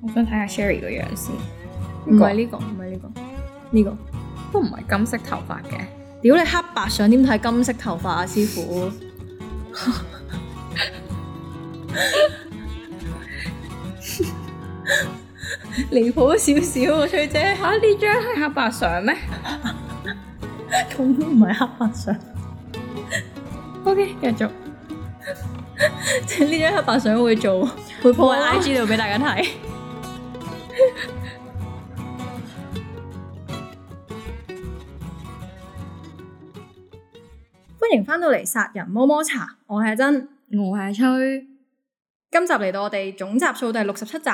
我想睇下 Sherry 個樣先，應該係呢個，唔係呢個，唔係呢個，呢個，都唔係金色頭髮嘅。屌你黑白相點睇金色頭髮啊，師傅！離譜少少啊，崔姐。吓，呢張係黑白相咩？咁都唔係黑白相。 OK，繼續。即呢 張黑白相會做，會 po 喺 IG 度俾大家睇。 歡迎翻到嚟殺人摸摸茶，我係阿珍，我係阿吹。今集嚟到我哋總集數第六十七集，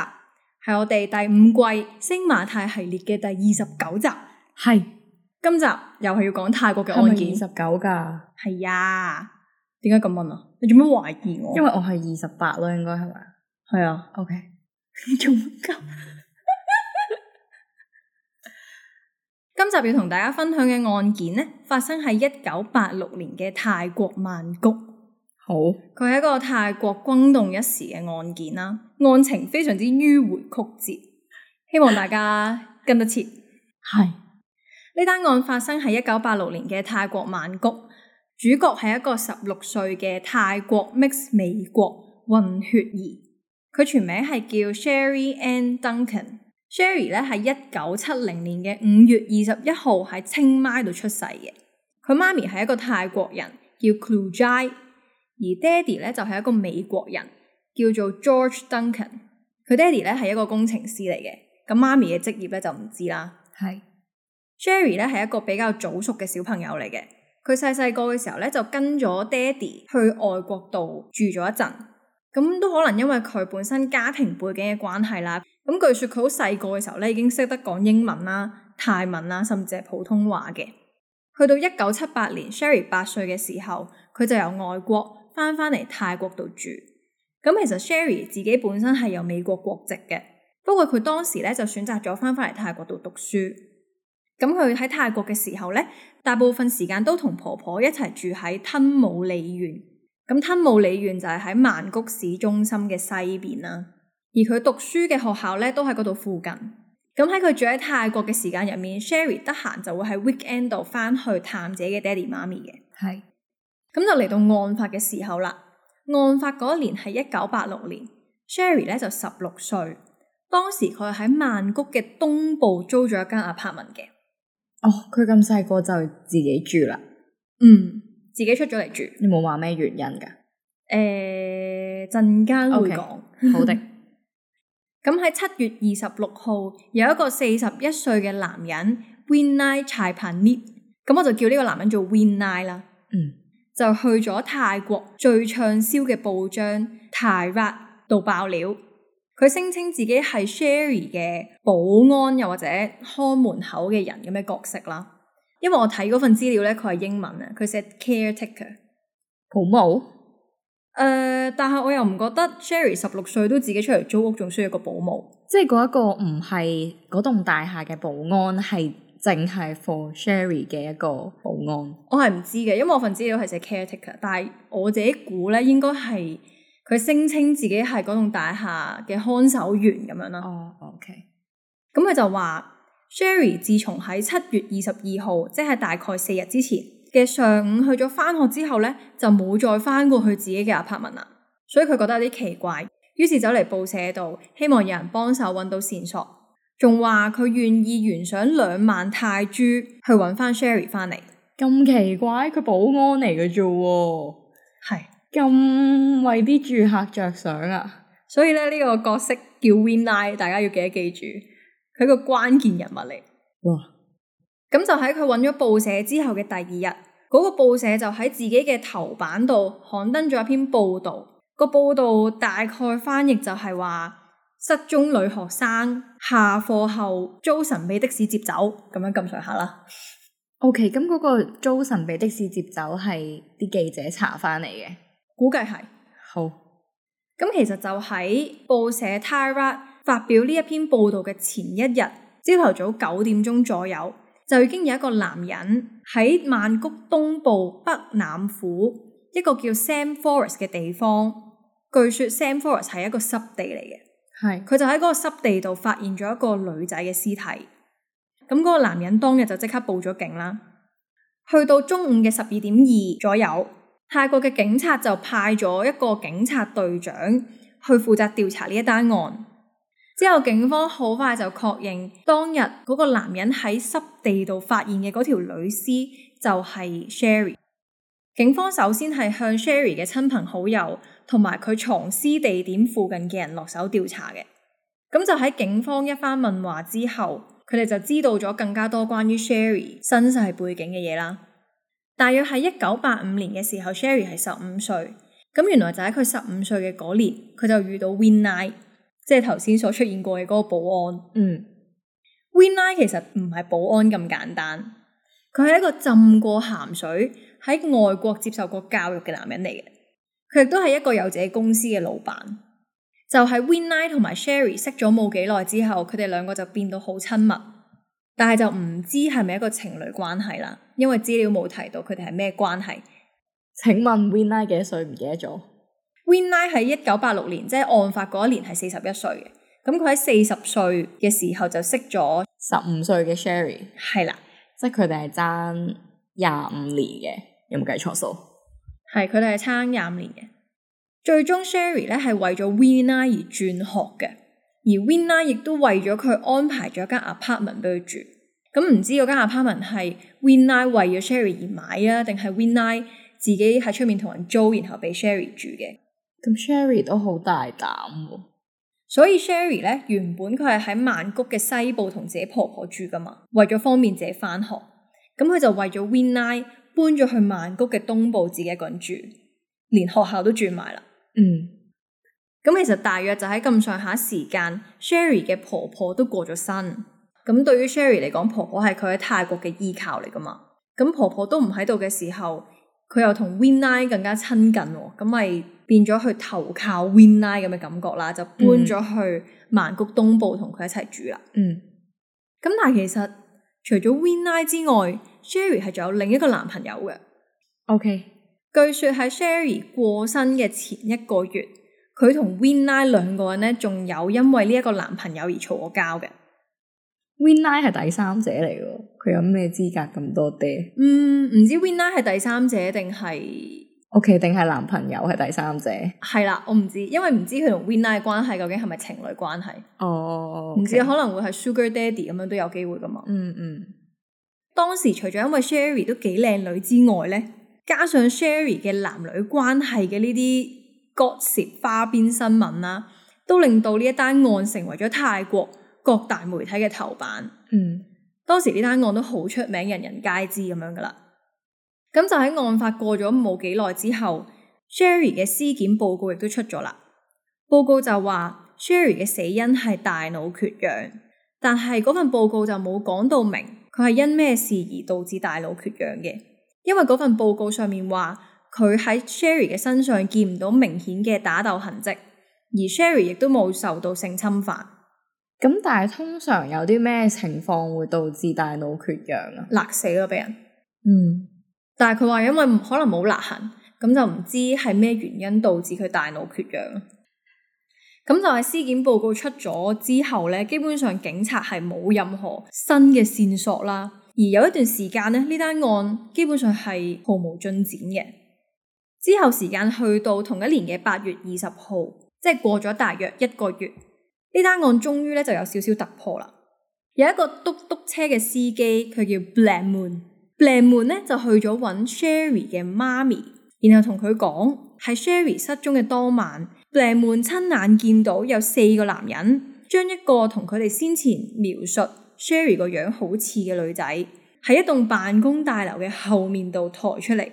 係我哋第五季星馬泰系列嘅第二十九集，係是今集又係要講泰國嘅案件。二十九噶，係呀？點解咁問啊？你做咩懷疑我？因為我係二十八咯，應該係咪？係啊，OK。做乜咁？今集要同大家分享嘅案件呢，發生喺一九八六年嘅泰國曼谷。好。佢係一個泰國轟動一時嘅案件啦，案情非常之迂回曲折，希望大家跟得切。係 是。呢單案發生喺一九八六年嘅泰國曼谷。主角係一個十六歲嘅泰國 mix 美國混血兒，佢全名係叫 Sherry Ann Duncan。Sherry 咧係一九七零年嘅五月二十一號喺清邁度出世嘅。佢媽咪係一個泰國人叫 Clujai，而爹哋咧就係、是、一個美國人叫做 George Duncan。佢爹哋咧係一個工程師嚟嘅，咁媽咪嘅職業咧就唔知啦。係是 Sherry 咧係一個比較早熟嘅小朋友嚟嘅。佢細細個嘅時候咧，就跟咗爹哋去外國度住咗一陣，咁都可能因為佢本身家庭背景嘅關係啦。咁據說佢好細個嘅時候咧，已經識得講英文啦、泰文啦，甚至係普通話嘅。去到一九七八年，Sherry 八歲嘅時候，佢就由外國翻翻嚟泰國度住。咁其實 Sherry 自己本身係有美國國籍嘅，不過佢當時咧就選擇咗翻翻嚟泰國度讀書。咁佢喺泰國嘅時候咧，大部分時間都同婆婆一齊住喺吞武里園。咁吞武里園就係喺曼谷市中心嘅西邊啦。而佢讀書嘅學校咧，都喺嗰度附近。咁喺佢住喺泰國嘅時間入面，Sherry 得閒就會喺 weekend 度翻去探自己嘅爹哋媽咪嘅。係。咁就嚟到案發嘅時候啦。案發嗰一年係一九八六年，Sherry 咧就十六歲。當時佢喺曼谷嘅東部租咗一間阿帕文嘅。哦，佢咁細個就自己住啦，嗯，自己出咗嚟住，你冇話咩原因噶？誒、欸，陣間會講，okay. 好的。咁喺七月二十六號，有一個四十一歲嘅男人 Winai Chai Panit，咁 我就叫呢個男人做 Winai 啦，嗯，就去咗泰國最暢銷嘅報章《泰叻》度爆料。佢聲稱自己係 Sherry 嘅保安，又或者看門口嘅人咁嘅角色啦。因為我睇嗰份資料咧，佢係英文啊，佢寫 caretaker 保姆？誒、呃，但係我又唔覺得 Sherry 十六歲都自己出嚟租屋，仲需要個保姆，即係嗰一個唔係嗰棟大廈嘅保安，係淨係 for Sherry 嘅一個保安。我係唔知嘅，因為我份資料係寫 caretaker，但係我自己估咧，應該係。佢聲稱自己係嗰棟大廈嘅看守員咁樣啦。哦，oh, OK。咁佢就話 ，Sherry 自從喺七月二十二號，即係大概四日之前嘅上午去咗翻學之後咧，就冇再翻過去自己嘅阿帕文啦。所以佢覺得有啲奇怪，於是走嚟報社度，希望有人幫手揾到線索，仲話佢願意懸賞兩萬泰銖去揾翻 Sherry 翻嚟。咁奇怪，佢保安嚟嘅啫喎。咁未必住客着想啊！所以咧，呢個角色叫 Winai，大家要記得記住，佢個關鍵人物嚟。哇！咁就喺佢揾咗報社之後嘅第二日，嗰、嗰個報社就喺自己嘅頭版度刊登咗一篇報道。嗰個報道大概翻譯就係話，失蹤女學生下課後遭神秘的士接走，咁樣咁上下啦。O K，咁嗰個遭神秘的士接走係啲記者查翻嚟嘅。估計係好，咁其實就喺報社 Tyra 發表呢一篇報道嘅前一日，朝頭早九點鐘左右，就已經有一個男人喺曼谷東部北欖府一個叫 Sam Forest 嘅地方，據說 Sam Forest 係一個濕地嚟嘅，係佢是就喺嗰個濕地度發現咗一個女仔嘅屍體，咁嗰個男人當日就即刻報咗警啦，去到中午嘅十二點二左右。泰國嘅警察就派咗一個警察隊長去負責調查呢一單案，之後警方好快就確認當日嗰個男人喺濕地度發現嘅嗰條女屍就係 Sherry。警方首先係向 Sherry 嘅親朋好友同埋佢藏屍地點附近嘅人落手調查嘅，咁就喺警方一番問話之後，佢哋就知道咗更加多關於 Sherry 身世背景嘅嘢啦。大約喺一九八五年嘅時候，Sherry 係十五歲，咁原來就喺佢十五歲嘅嗰年，佢就遇到 Winnie，即係頭先所出現過嘅嗰個保安。嗯，Winnie 其實唔係保安咁簡單，佢係一個浸過咸水喺外國接受過教育嘅男人嚟嘅，佢亦都係一個有自己公司嘅老闆。就係 Winnie 同埋 Sherry 識咗冇幾耐之後，佢哋兩個就變到好親密，但係就唔知係咪一個情侶關係啦。因為資料冇提到佢哋係咩關係。請問 Winna 幾多歲？唔記得咗。Winna 喺一九八六年，即係案發嗰一年，係四十一歲嘅。咁佢喺四十歲嘅時候就識咗十五歲嘅 Sherry。係啦，即係佢哋係爭廿五年嘅。有冇計錯數？係，佢哋係爭廿五年嘅。最終 Sherry 咧係為咗 Winna 而轉學嘅，而 Winna 亦都為咗佢安排咗一間 apartment 俾佢住。咁唔知嗰間 Apartment 係 Winai 為咗 Sherry 而買啊，定係 Winai 自己喺出面同人租，然後俾 Sherry 住嘅？咁 Sherry 都好大膽喎，哦！所以 Sherry 咧，原本佢係喺曼谷嘅西部同自己婆婆住噶嘛，為咗方便自己翻學。咁佢就為咗 Winai 搬咗去曼谷嘅東部，自己一個人住，連學校都住埋啦。嗯，咁其實大約就喺咁上下時間，Sherry 嘅婆婆都過咗身。咁對於 Sherry 嚟講，婆婆係佢喺泰國嘅依靠嚟噶嘛？咁婆婆都唔喺度嘅時候，佢又同 Winnie 更加親近哦，咁咪變咗去投靠 Winnie 咁嘅感覺啦，就搬咗去曼谷東部同佢一齊住啦。嗯，咁但係其實除咗 Winnie 之外，Sherry 係仲有另一個男朋友嘅。O.K. 據說喺 Sherry 過身嘅前一個月，佢同 Winnie 兩個人呢，仲有因為呢一個男朋友而嘈過交嘅。Winnie 係第三者嚟嘅，佢有咩資格咁多爹？嗯，唔知 Winnie 係第三者定係？OK，定係男朋友係第三者？係啦、嗯 okay,，我唔知，因為唔知佢同 Winnie 嘅關係究竟係咪情侶關係？哦、oh, okay.，唔知可能會係 sugar daddy 咁樣都有機會噶嘛？嗯嗯。嗯當時除咗因為 Sherry 都幾靚女之外咧，加上 Sherry 嘅男女關係嘅呢啲 gossip 花邊新聞啦、啊，都令到呢一單案成為咗泰國。各大媒體嘅頭版，嗯，當時呢單案都好出名，人人皆知咁樣噶啦。咁就喺案發過咗冇幾耐之後，Sherry 嘅屍檢報告亦都出咗啦。報告就話 Sherry 嘅死因係大腦缺氧，但係嗰份報告就冇講到明佢係因咩事而導致大腦缺氧嘅，因為嗰份報告上面話佢喺 Sherry 嘅身上見唔到明顯嘅打鬥痕跡，而 Sherry 亦都冇受到性侵犯。咁但係通常有啲咩情況會導致大腦缺氧啊？勒死咗俾人。嗯，但係佢話因為可能冇勒痕，咁就唔知係咩原因導致佢大腦缺氧。咁就係屍檢報告出咗之後呢，基本上警察係冇任何新嘅線索啦。而有一段時間呢，呢單案基本上係毫無進展嘅。之後時間去到同一年嘅八月二十號，即係過咗大約一個月。呢單案終於咧就有少少突破啦！有一個嘟嘟車嘅司機，佢叫 Blackman。Blackman 咧就去咗揾 Sherry 嘅媽咪，然後同佢講喺 Sherry 失蹤嘅當晚，Blackman 親眼見到有四個男人將一個同佢哋先前描述 Sherry 個樣好似嘅女仔，喺一棟辦公大樓嘅後面度抬出嚟。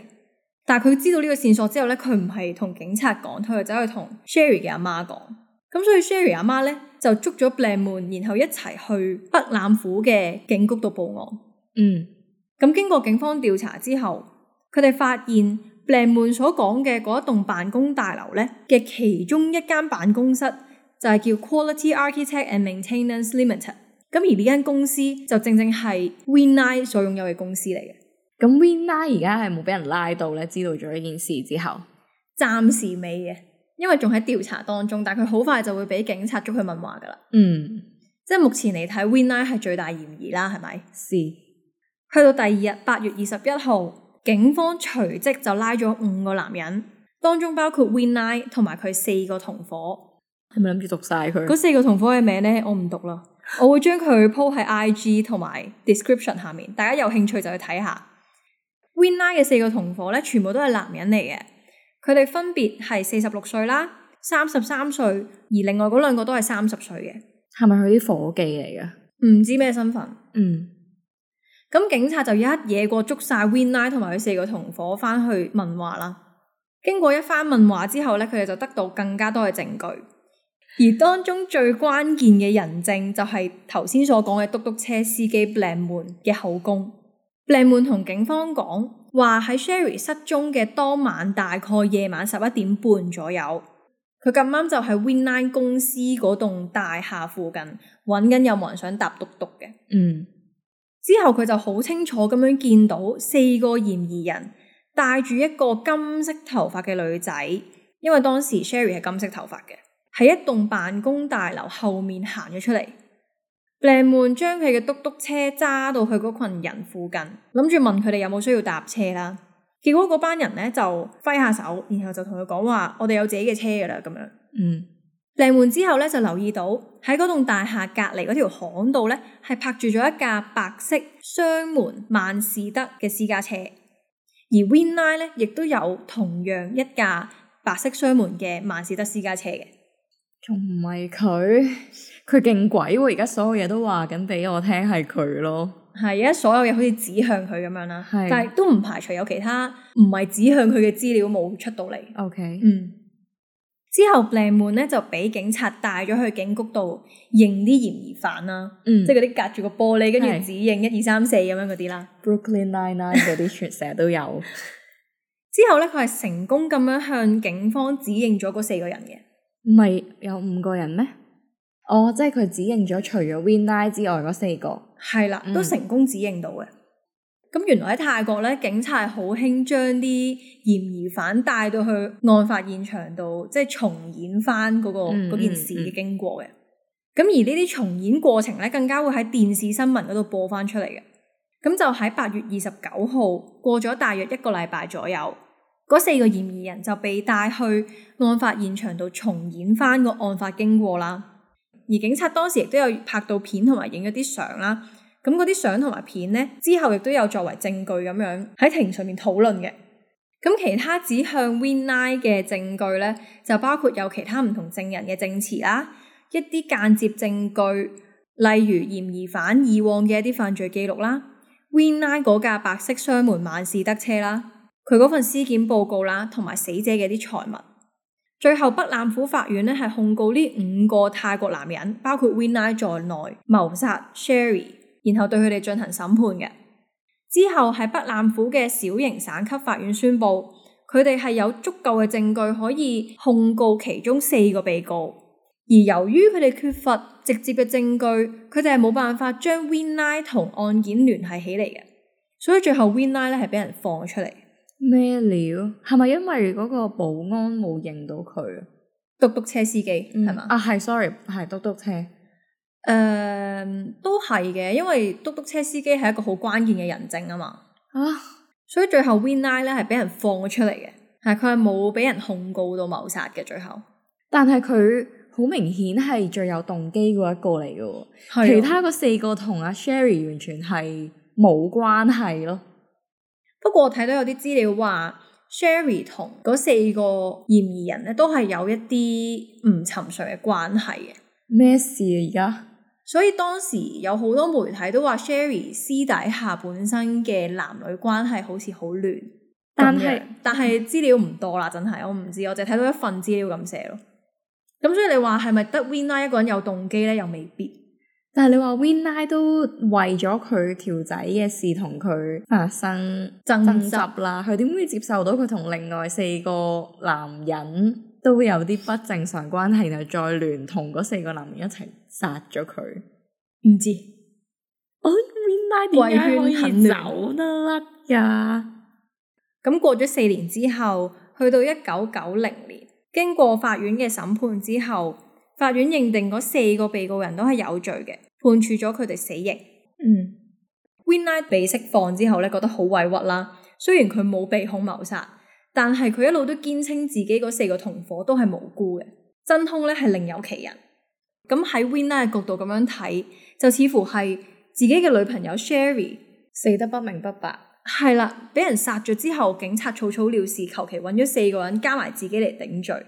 但係佢知道呢個線索之後咧，佢唔係同警察講，佢就走去同 Sherry 嘅阿媽講。咁所以 Sherry 阿媽咧就捉咗 b 靚妹，然後一齊去北欖府嘅警局度報案。嗯，咁經過警方調查之後，佢哋發現靚妹所講嘅嗰一棟辦公大樓咧嘅其中一間辦公室就係叫 Quality Architect and Maintenance Limited。咁而呢間公司就正正係 Winai 所擁有嘅公司嚟嘅。咁 Winai 而家係冇俾人拉到咧，知道咗呢件事之後，暫時未嘅。因為仲喺調查當中，但佢好快就會俾警察捉去問話噶啦。嗯，即係目前嚟睇，Winnie 係最大嫌疑啦，係咪？是。是去到第二日，八月二十一號，警方隨即就拉咗五個男人，當中包括 Winnie 同埋佢四個同伙。係咪諗住讀晒佢？嗰四個同伙嘅名咧，我唔讀啦，我會將佢 po 喺 IG 同埋 description 下面，大家有興趣就去睇下。Winnie 嘅四個同伙咧，全部都係男人嚟嘅。佢哋分別係四十六歲啦、三十三歲，而另外嗰兩個都係三十歲嘅。係咪佢啲伙計嚟嘅？唔知咩身份。嗯。咁警察就一嘢過捉晒 Winnie 同埋佢四個同伙翻去問話啦。經過一番問話之後咧，佢哋就得到更加多嘅證據，而當中最關鍵嘅人證就係頭先所講嘅嘟嘟車司機梁門嘅口供。靚妹同警方講話喺 Sherry 失蹤嘅當晚，大概夜晚十一點半左右，佢咁啱就喺 Winline 公司嗰棟大廈附近，搵緊有冇人想搭嘟嘟嘅。嗯，之後佢就好清楚咁樣見到四個嫌疑人帶住一個金色頭髮嘅女仔，因為當時 Sherry 係金色頭髮嘅，喺一棟辦公大樓後面行咗出嚟。靚門將佢嘅嘟嘟車揸到去嗰群人附近，諗住問佢哋有冇需要搭車啦。結果嗰班人咧就揮下手，然後就同佢講話：我哋有自己嘅車噶啦。咁樣，嗯，靚門之後咧就留意到喺嗰棟大廈隔籬嗰條巷度咧係泊住咗一架白色雙門萬事得嘅私家車，而 Winai 咧亦都有同樣一架白色雙門嘅萬事得私家車嘅。仲唔係佢？佢勁鬼喎！而家所有嘢都話緊俾我聽係佢咯。係而家所有嘢好似指向佢咁樣啦。係是，但係都唔排除有其他唔係指向佢嘅資料冇出到嚟。O Okay . K，嗯。之後布萊門咧就俾警察帶咗去警局度認啲嫌疑犯啦。嗯，即係嗰啲隔住個玻璃跟住指認一二三四咁樣嗰啲啦。 Brooklyn Nine Nine 嗰啲全成日都有。 之後咧佢係成功咁樣向警方指認咗嗰四個人嘅。唔係有五個人咩？哦、oh，即係佢指認咗除咗 Winai 之外嗰四個，係啦，都成功指認到嘅。咁、嗯、原來喺泰國咧，警察係好興將啲嫌疑犯帶到去案發現場度，即係重演翻、那、嗰個、嗯、件事嘅經過嘅。咁、嗯嗯、而呢啲重演過程咧，更加會喺電視新聞嗰度播翻出嚟嘅。咁就喺八月二十九號過咗，大約一個禮拜左右。嗰四個嫌疑人就被帶去案發現場度重演翻個案發經過啦。而警察當時亦都有拍到片同埋影咗啲相啦。咁嗰啲相同埋片呢，之後亦都有作為證據咁樣喺庭上面討論嘅。咁其他指向 Winnie 嘅證據咧，就包括有其他唔同證人嘅證詞啦，一啲間接證據，例如嫌疑犯以往嘅一啲犯罪記錄啦，Winnie 架白色雙門萬事得車啦。佢嗰份屍檢報告啦，同埋死者嘅啲財物，最後北欖府法院咧係控告呢五個泰國男人，包括 Winai 在內謀殺 Sherry，然後對佢哋進行審判嘅。之後係北欖府嘅小型省級法院宣佈，佢哋係有足夠嘅證據可以控告其中四個被告，而由於佢哋缺乏直接嘅證據，佢哋係冇辦法將 Winai 同案件聯繫起嚟嘅，所以最後 Winai 咧係俾人放出嚟。咩料？係咪因為嗰個保安冇認到佢？嘟嘟車司機係嘛？嗯、吧啊係，sorry 係嘟嘟車。誒、呃，都係嘅，因為嘟嘟車司機係一個好關鍵嘅人證啊嘛。啊，所以最後 Winnie 咧係俾人放咗出嚟嘅，但係佢係冇俾人控告到謀殺嘅。最後，但係佢好明顯係最有動機嗰一個嚟嘅，哦、其他嗰四個同阿 Sherry 完全係冇關係咯。不過我睇到有啲資料話，Sherry 同嗰四個嫌疑人咧都係有一啲唔尋常嘅關係嘅。咩事啊？而家所以當時有好多媒體都話，Sherry 私底下本身嘅男女關係好似好亂。但係但係資料唔多啦，真係我唔知，我淨係睇到一份資料咁寫咯。咁所以你話係咪得 Winnie 一個人有動機咧？又未必。但係你話 Winnie 都為咗佢條仔嘅事同佢發生爭執啦，佢點會接受到佢同另外四個男人都有啲不正常關係，然後再聯同嗰四個男人一齊殺咗佢？唔知，我 Winnie 點解可以走得甩呀？咁過咗四年之後，去到一九九零年，經過法院嘅審判之後，法院認定嗰四個被告人都係有罪嘅，判處咗佢哋死刑。嗯，Winnie、er、被釋放之後呢，覺得好委屈啦。雖然佢冇被控謀殺，但係佢一路都堅稱自己嗰四個同夥都係無辜嘅，真兇呢係另有其人。咁喺 Winnie 嘅角度咁樣睇，就似乎係自己嘅女朋友 Sherry 死得不明不白，係啦，俾人殺咗之後，警察草草了事，求其揾咗四個人加埋自己嚟頂罪。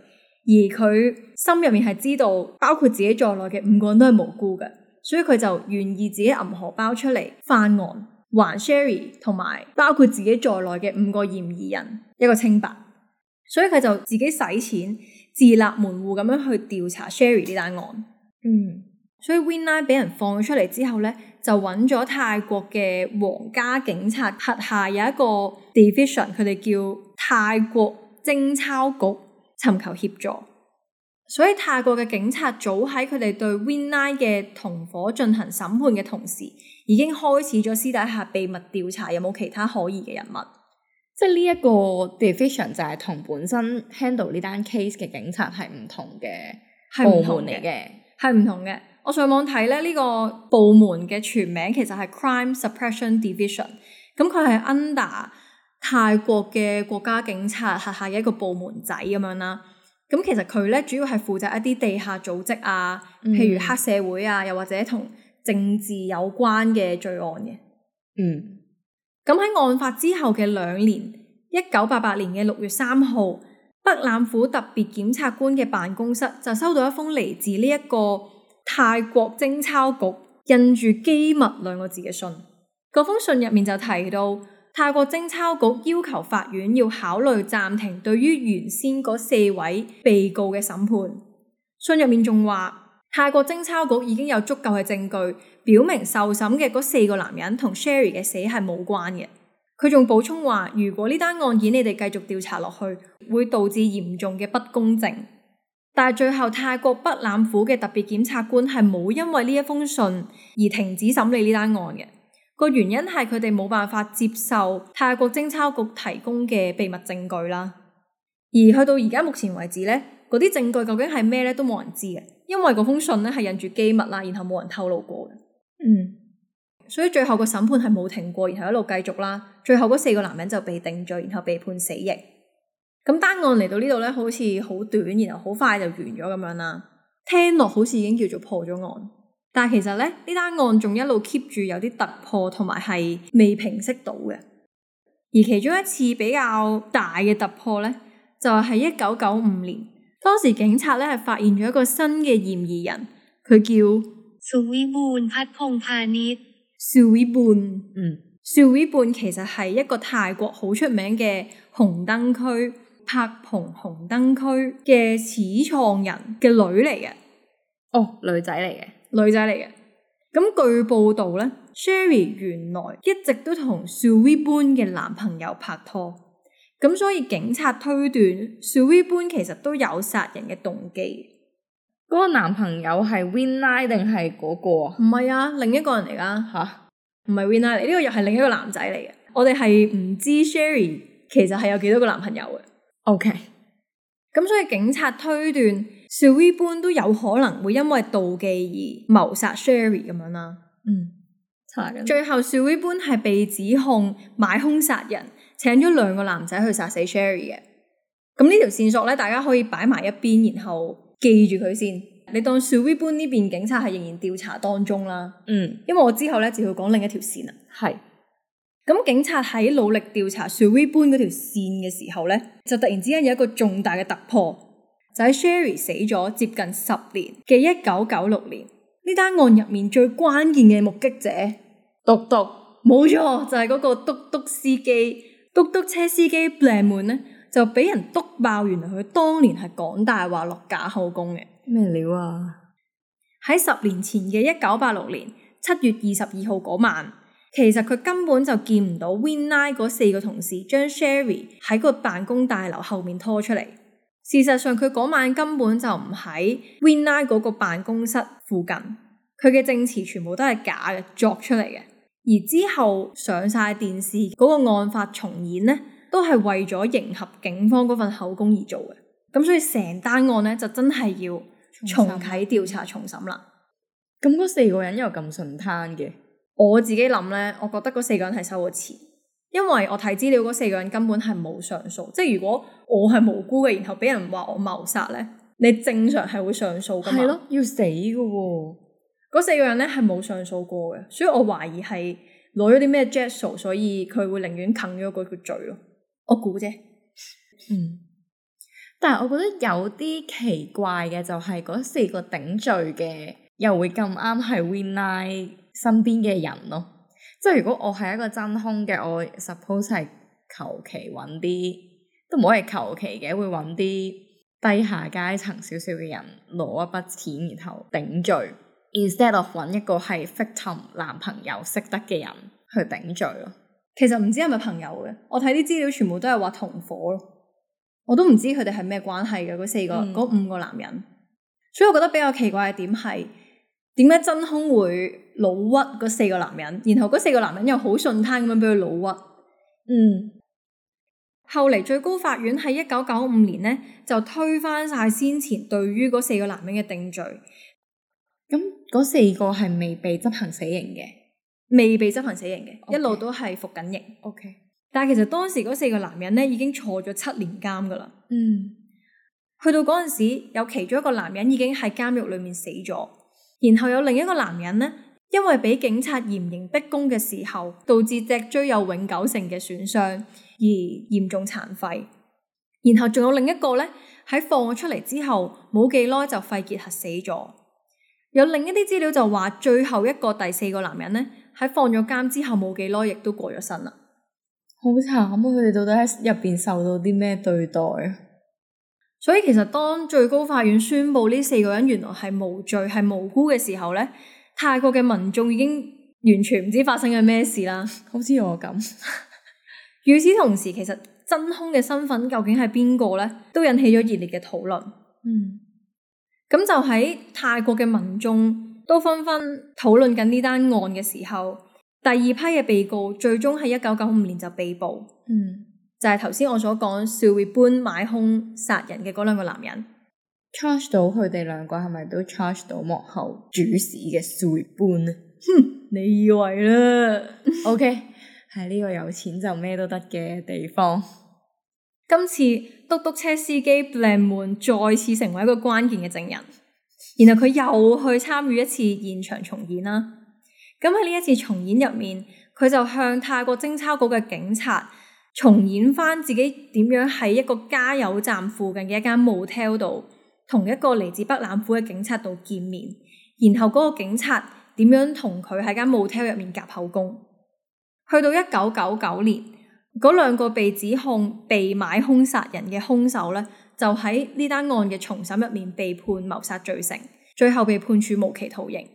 而佢心入面係知道，包括自己在內嘅五個人都係無辜嘅，所以佢就願意自己揞荷包出嚟翻案，還 Sherry 同埋包括自己在內嘅五個嫌疑人，一個清白，所以佢就自己使錢自立門戶咁樣去調查 Sherry 呢單案。嗯，所以 Winline 俾人放出嚟之後呢，就揾咗泰國嘅皇家警察轄下有一個 division，佢哋叫泰國偵抄局，尋求協助，所以泰國嘅警察早喺佢哋對 Winai 嘅同伙進行審判嘅同時，已經開始咗私底下秘密調查有冇其他可疑嘅人物。即係呢一個 division 就係同本身 handle 呢單 case 嘅警察係唔同嘅，係唔同嚟嘅，係唔同嘅。我上網睇咧，呢個部門嘅全名其實係 Crime Suppression Division，咁佢係 under。泰國嘅國家警察轄下嘅一個部門仔咁樣啦，咁其實佢咧主要係負責一啲地下組織啊，譬如黑社會啊，又或者同政治有關嘅罪案嘅。嗯，咁喺案發之後嘅兩年，一九八八年嘅六月三號，北欖府特別檢察官嘅辦公室就收到一封嚟自呢一個泰國偵抄局印住機密兩個字嘅信。嗰封信入面就提到。泰國偵查局要求法院要考慮暫停對於原先嗰四位被告嘅審判。信入面仲話，泰國偵查局已經有足夠嘅證據，表明受審嘅嗰四個男人同 Sherry 嘅死係冇關嘅。佢仲補充話，如果呢單案件你哋繼續調查落去，會導致嚴重嘅不公正。但係最後，泰國北欖府嘅特別檢察官係冇因為呢一封信而停止審理呢單案嘅。個原因係佢哋冇辦法接受泰國偵抄局提供嘅秘密證據啦，而去到而家目前為止咧，嗰啲證據究竟係咩咧都冇人知嘅，因為嗰封信咧係印住機密啦，然後冇人透露過嘅。嗯，所以最後個審判係冇停過，然後一路繼續啦。最後嗰四個男人就被定罪，然後被判死刑。咁單案嚟到呢度咧，好似好短，然後好快就完咗咁樣啦。聽落好似已經叫做破咗案。但其實呢，呢單案仲一路 keep 住有啲突破，同埋係未平息到嘅。而其中一次比較大嘅突破呢，就係一九九五年，當時警察呢，係發現咗一個新嘅嫌疑人，佢叫 Shui Ban Patpong Panit。Shui Ban，嗯，Shui Ban 其實係一個泰國好出名嘅紅燈區 ——Patpong 紅燈區嘅始創人嘅女嚟嘅，哦，女仔嚟嘅。女仔嚟嘅，咁據報道咧，Sherry 原來一直都同 Suey Boone 嘅男朋友拍拖，咁所以警察推斷 Suey Boone 其實都有殺人嘅動機。嗰個男朋友係 Winnie 定係嗰個啊？唔係啊，另一個人嚟噶吓，唔係 Winnie 嚟，呢個又係另一個男仔嚟嘅。我哋係唔知 Sherry 其實係有幾多個男朋友嘅。OK，咁所以警察推斷。Sherry 搬都有可能會因為妒忌而謀殺 Sherry 咁樣啦，嗯，理最後 Sherry 搬係被指控買兇殺人，請咗兩個男仔去殺死 Sherry 嘅。咁呢條線索咧，大家可以擺埋一邊，然後記住佢先。你當 Sherry 搬呢邊警察係仍然調查當中啦，嗯。因為我之後咧就要講另一條線啦，係是。咁警察喺努力調查 Sherry 搬嗰條線嘅時候咧，就突然之間有一個重大嘅突破。就喺 Sherry 死咗接近十年嘅一九九六年，呢單案入面最關鍵嘅目擊者，篤篤毒，冇錯，就係、是、嗰個篤篤司機、篤篤車司機 Blame 呢，就俾人篤爆，原來佢當年係講大話落假口供嘅。咩料啊？喺十年前嘅一九八六年七月二十二號嗰晚，其實佢根本就見唔到 Winai 嗰四個同事將 Sherry 喺個辦公大樓後面拖出嚟。事實上佢嗰晚根本就唔喺 Winnie 嗰個辦公室附近，佢嘅證詞全部都係假嘅，作出嚟嘅。而之後上晒電視嗰、嗰個案發重演呢，都係為咗迎合警方嗰份口供而做嘅。咁所以成單案呢，就真係要重啟調查，重審、重審啦。咁嗰四個人因又咁順攤嘅，我自己諗呢，我覺得嗰四個人係收咗錢。因為我睇資料，嗰四個人根本係冇上訴，即係如果我係無辜嘅，然後俾人話我謀殺咧，你正常係會上訴噶嘛？係咯，要死噶喎！嗰四個人咧係冇上訴過嘅，所以我懷疑係攞咗啲咩 Jetso，所以佢會寧願啃咗嗰個罪咯。我估啫， 嗯。但係我覺得有啲奇怪嘅就係嗰四個頂罪嘅，又會咁啱係 Winnie 身邊嘅人咯。即係如果我係一個真兇嘅，我 suppose 係求其揾啲，都唔好係求其嘅，會揾啲低下階層少少嘅人攞一筆錢，然後頂罪。instead of 揾一個係 victim 同男朋友識得嘅人去頂罪咯。其實唔知係咪朋友嘅，我睇啲資料全部都係話同伙咯。我都唔知佢哋係咩關係嘅，嗰四個、嗰、嗯、五個男人。所以我覺得比較奇怪嘅點係。點解真兇會老屈嗰四個男人？然後嗰四個男人又好順攤咁樣俾佢老屈。嗯，後嚟最高法院喺一九九五年呢就推翻晒先前對於嗰四個男人嘅定罪。咁嗰、嗯、四個係未被執行死刑嘅，未被執行死刑嘅，Okay. 一路都係服緊刑。O Okay . K，但係其實當時嗰四個男人呢已經坐咗七年監噶啦。嗯，去到嗰陣時，有其中一個男人已經喺監獄裏面死咗。然後有另一個男人呢，因為俾警察嚴刑逼供嘅時候，導致脊椎有永久性嘅損傷而嚴重殘廢。然後仲有另一個呢，喺放咗出嚟之後冇幾耐就肺結核死咗。有另一啲資料就話最後一個第四個男人呢，喺放咗監之後冇幾耐亦都過咗身啦。好慘啊！佢哋到底喺入邊受到啲咩對待啊？所以其實當最高法院宣布呢四個人原來係無罪係無辜嘅時候呢，泰國嘅民眾已經完全唔知發生緊咩事啦。好似我咁。與 此同時，其實真凶嘅身份究竟係邊個呢？都引起咗熱烈嘅討論。嗯。咁就喺泰國嘅民眾都紛紛討論緊呢單案嘅時候，第二批嘅被告最終喺一九九五年就被捕。嗯。就係頭先我所講，邵瑞搬買凶殺人嘅嗰兩個男人，charge 到佢哋兩個係咪都 charge 到幕後主使嘅邵瑞搬呢？哼，你以為啦？OK，喺呢 個有錢就咩都得嘅地方，今次嘟嘟車司機梁門再次成為一個關鍵嘅證人，然後佢又去參與一次現場重演啦。咁喺呢一次重演入面，佢就向泰國偵查局嘅警察。重演翻自己點樣喺一個加油站附近嘅一間 motel 度，同一個嚟自北欖府嘅警察度見面，然後嗰個警察點樣同佢喺間 motel 入面夾口供。去到一九九九年，嗰兩個被指控被買凶殺人嘅凶手呢，就喺呢單案嘅重審入面被判謀殺罪成，最後被判處無期徒刑。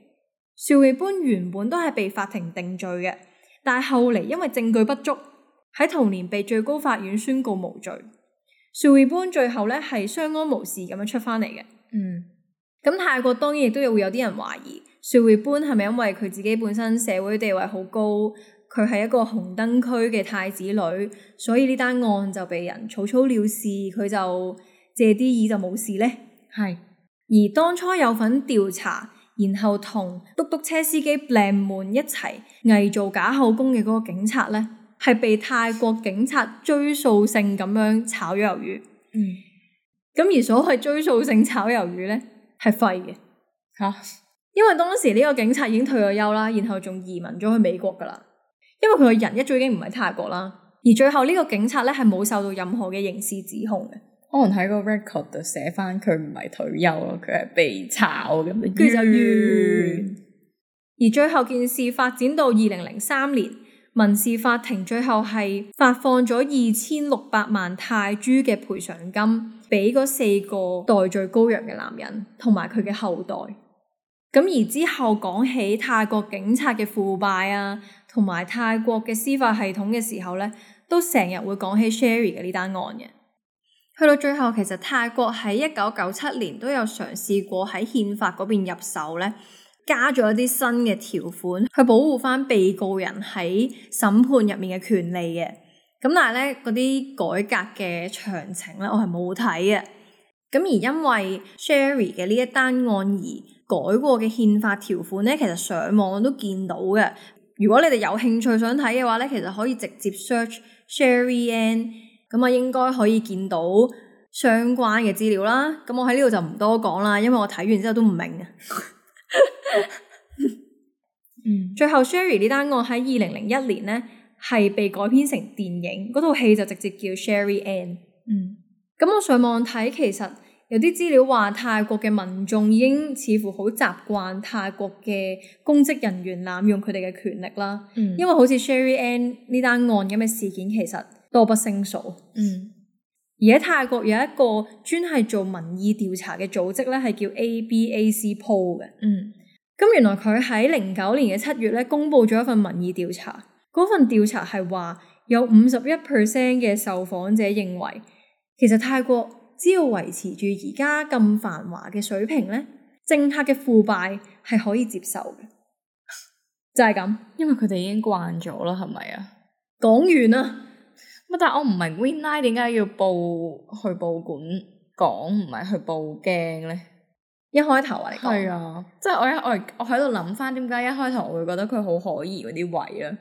邵業般原本都係被法庭定罪嘅，但係後嚟因為證據不足。喺同年被最高法院宣告無罪，素瑞般最後呢係相安無事咁樣出翻嚟嘅。嗯，咁泰國當然亦都有會有啲人懷疑素瑞般係咪因為佢自己本身社會地位好高，佢係一個紅燈區嘅太子女，所以呢單案就被人草草了事，佢就借啲意就冇事呢。係是而當初有份調查，然後同嘟嘟車司機靚門一齊偽造假口供嘅嗰個警察呢，係被泰國警察追溯性咁樣炒咗魷魚。咁、嗯、而所謂追溯性炒魷魚咧係廢嘅吓，啊、因為當時呢個警察已經退咗休啦，然後仲移民咗去美國噶啦，因為佢個人一早已經唔喺泰國啦。而最後呢個警察咧係冇受到任何嘅刑事指控嘅。可能喺個 record 度寫翻佢唔係退休咯，佢係被炒咁，跟、嗯、住就完、嗯、而最後件事發展到二零零三年。民事法庭最後係發放咗二千六百萬泰銖嘅賠償金俾嗰四個代罪羔羊嘅男人同埋佢嘅後代。咁而之後講起泰國警察嘅腐敗啊，同埋泰國嘅司法系統嘅時候呢，都成日會講起 Sherry 嘅呢單案嘅。去到最後，其實泰國喺一九九七年都有嘗試過喺憲法嗰邊入手呢。加咗一啲新嘅條款去保護翻被告人喺審判入面嘅權利嘅，咁但係咧嗰啲改革嘅詳情咧，我係冇睇嘅。咁而因為 Sherry 嘅呢一單案而改過嘅憲法條款咧，其實上網都見到嘅。如果你哋有興趣想睇嘅話咧，其實可以直接 search Sherry Ann，咁啊應該可以見到相關嘅資料啦。咁我喺呢度就唔多講啦，因為我睇完之後都唔明啊。 嗯、最後 Sherry 呢單案喺二零零一年呢係被改編成電影，嗰套戲就直接叫 Sherry Ann。嗯，咁我上網睇，其實有啲資料話泰國嘅民眾已經似乎好習慣泰國嘅公職人員濫用佢哋嘅權力啦。嗯、因為好似 Sherry Ann 呢單案咁嘅事件，其實多不勝數。嗯，而喺泰國有一個專係做民意調查嘅組織咧，係叫 ABAC Poll 嘅。C、嗯。咁原來佢喺零九年嘅七月咧，公布咗一份民意調查。嗰份調查係話有五十一 percent 嘅受訪者認為，其實泰國只要維持住而家咁繁華嘅水平咧，政客嘅腐敗係可以接受嘅。就係咁，因為佢哋已經慣咗啦，係咪啊？講完啦，乜？但係我唔明 Winnie 點解要報去報館講，唔係去報警咧？一開頭嚟講，係啊，啊即係我一我我喺度諗翻，點解一開頭我會覺得佢好可疑嗰啲位啊？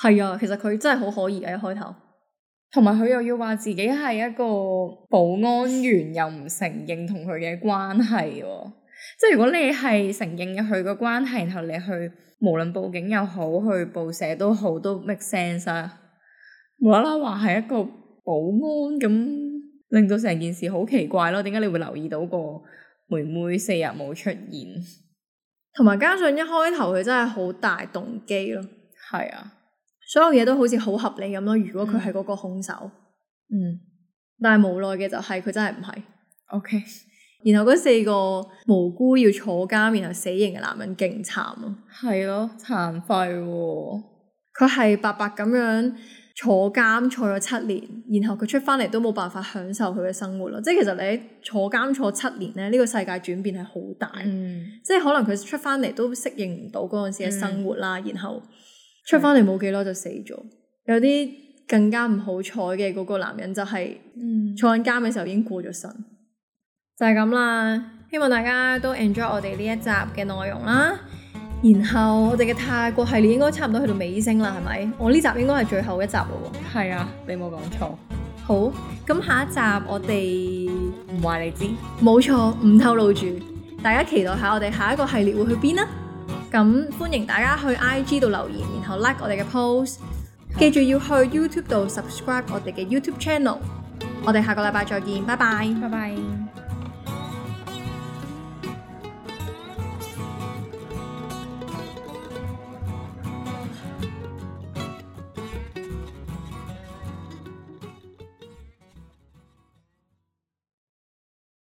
係啊，其實佢真係好可疑啊。一開頭，同埋佢又要話自己係一個保安員， 又唔承認同佢嘅關係、啊。即係如果你係承認佢個關係，然後你去無論報警又好，去報社都好，都 make sense 啊。無啦啦話係一個保安咁，令到成件事好奇怪咯、啊。點解你會留意到個？妹妹四日冇出現，同埋加上一開頭佢真係好大動機咯。係啊，所有嘢都好似好合理咁咯。如果佢係嗰個兇手，嗯，嗯，但係無奈嘅就係、是、佢真係唔係。OK，然後嗰四個無辜要坐監，然後死刑嘅男人勁慘啊！係咯、啊，殘廢、哦，佢係白白咁樣。坐監坐咗七年，然後佢出翻嚟都冇辦法享受佢嘅生活咯。即係其實你坐監坐七年咧，呢、這個世界轉變係好大，嗯、即係可能佢出翻嚟都適應唔到嗰陣時嘅生活啦。嗯、然後出翻嚟冇幾耐就死咗。的有啲更加唔好彩嘅嗰個男人就係坐緊監嘅時候已經過咗身，嗯、就係咁啦。希望大家都 enjoy 我哋呢一集嘅內容啦。然後我哋嘅泰國系列應該差唔多去到尾聲啦，係咪？我呢集應該係最後一集咯。係啊，你冇講錯。好，咁下一集我哋唔話你知。冇錯，唔透露住。大家期待下我哋下一個系列會去邊啊？咁歡迎大家去 IG 度留言，然後 like 我哋嘅 post，好記住要去 YouTube 度 subscribe 我哋嘅 YouTube channel。我哋下個禮拜再見，拜拜，拜拜。